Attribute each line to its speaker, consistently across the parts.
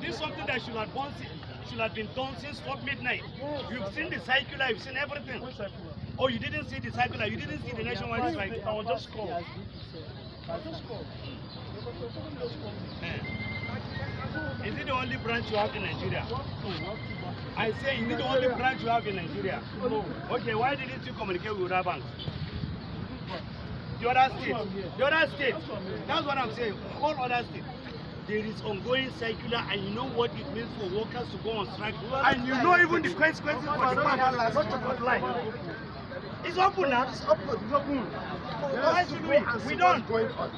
Speaker 1: This is something that should have, should have been done since what midnight. You've seen the circular, you've seen everything. Oh, you didn't see the circular, you didn't see the nationwide strike. I was just called. I just call. Eh. Is it the only branch you have in Nigeria? I say, is it the only branch you have in Nigeria? Okay, why didn't you communicate with Rabank? The other state, the other state. That's what I'm saying. All other state. There is ongoing circular, and you know what it means for workers to go on strike. And you know even the consequences for the family. It's open now. It's open. It's open. Why should we? We don't. Going on.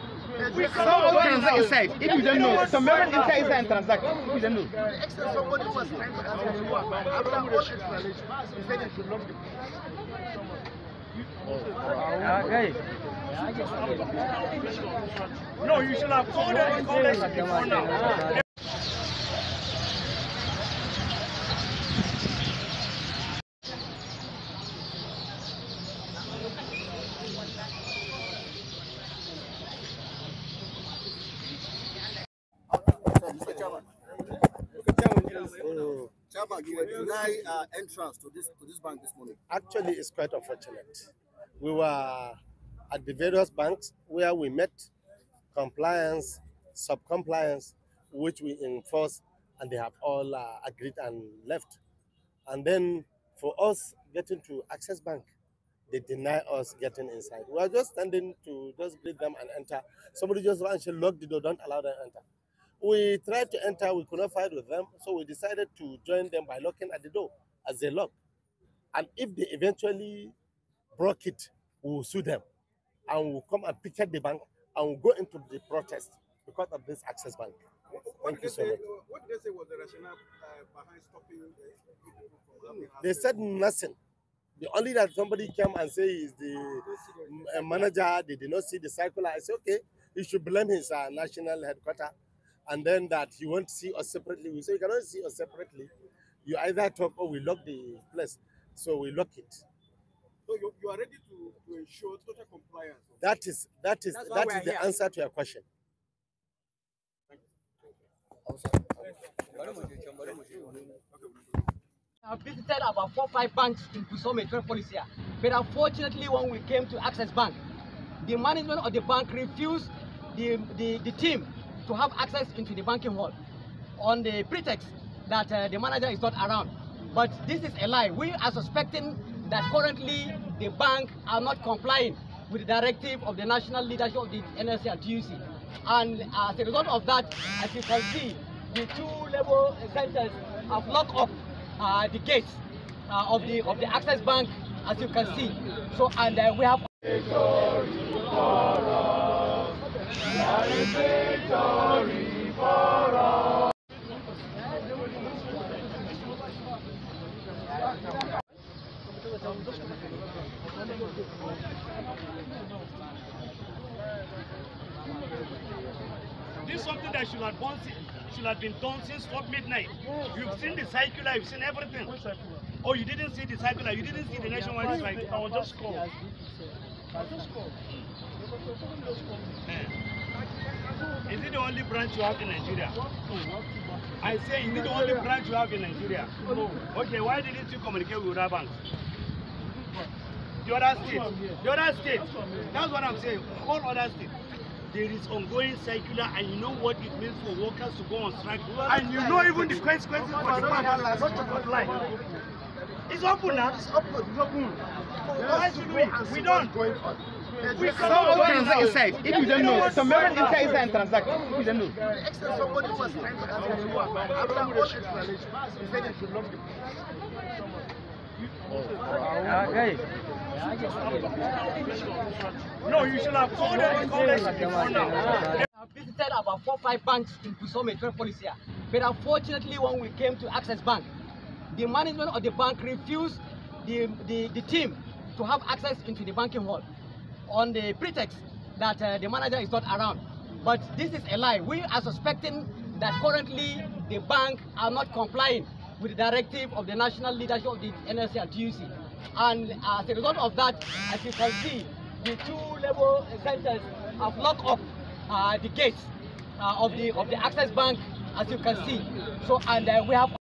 Speaker 1: We someone transact inside. If you don't know, some member inside inside and transact.
Speaker 2: If you don't know. The extent somebody was trying to ask me after all knowledge, he said he should not be. Okay. No, you should
Speaker 1: have
Speaker 3: called it.
Speaker 2: denied uh, entrance to this to this bank this morning. Actually, it's quite unfortunate. We were at the various banks where we met compliance, sub-compliance, which we enforced, and they have all uh, agreed and left. And then for us getting to Access Bank, they deny us getting inside. We are just standing to just greet them and enter. Somebody just ran and lock locked the door, don't allow them enter. We tried to enter, we could not fight with them, so we decided to join them by locking at the door as they lock. And if they eventually broke it, we will sue them and we'll come and picket the bank and we'll go into the protest because of this access bank. Thank you so much. What did they say was the rationale uh, behind stopping the hmm, They said nothing. The only that somebody came and say is the uh, manager, they did not see the circular. I said, okay, you should blame his uh, national headquarters and then that you won't see us separately. We say you cannot see us separately. You either talk or we lock the place. So we lock it. So you, you are ready to, to ensure total compliance. That is that is That's that is the here. answer to your question.
Speaker 3: I've visited about four five banks in Kusum metropolis here, but unfortunately, when we came to Access Bank, the management of the bank refused the, the, the team to have access into the banking hall on the pretext that uh, the manager is not around. But this is a lie. We are suspecting that currently the bank are not complying with the directive of the national leadership of the NSC and TUC. And as a result of that, as you can see, the two level centers have locked up uh, the gates uh, of the of the access bank, as you can see. So, and uh, we have.
Speaker 1: This is something that should have, should have been done since what midnight. You've seen the circular, you've seen everything. Oh, you didn't see the circular, you didn't see the nationwide strike. I was just called. I just called. Is it the only branch you have in Nigeria? I say, is it the only branch you have in Nigeria? Okay, why didn't you communicate with other banks? the other state, the other state. That's what I'm saying. All other states. There is ongoing circular, and you know what it means for workers to go on strike. And you know even the consequences for the farmers, not about life. It's open now. It's open. It's open. Hmm. Why should we? We don't.
Speaker 2: Going on. We someone transact inside. If you don't know, some members inside and transact. If you don't know. somebody was trying to ask me after all explanation, he said it should not be. Okay.
Speaker 1: No, you should have called them call us before now. I visited
Speaker 3: about four five banks in Kusome policy here. But unfortunately, when we came to Access Bank, the management of the bank refused the, the, the team to have access into the banking hall on the pretext that uh, the manager is not around. But this is a lie. We are suspecting that currently the bank are not complying with the directive of the national leadership of the NSC and TUC. And uh, as a result of that, as you can see, the two level centers have locked up uh, the gates uh, of the of the access bank, as you can see. So and uh, we have.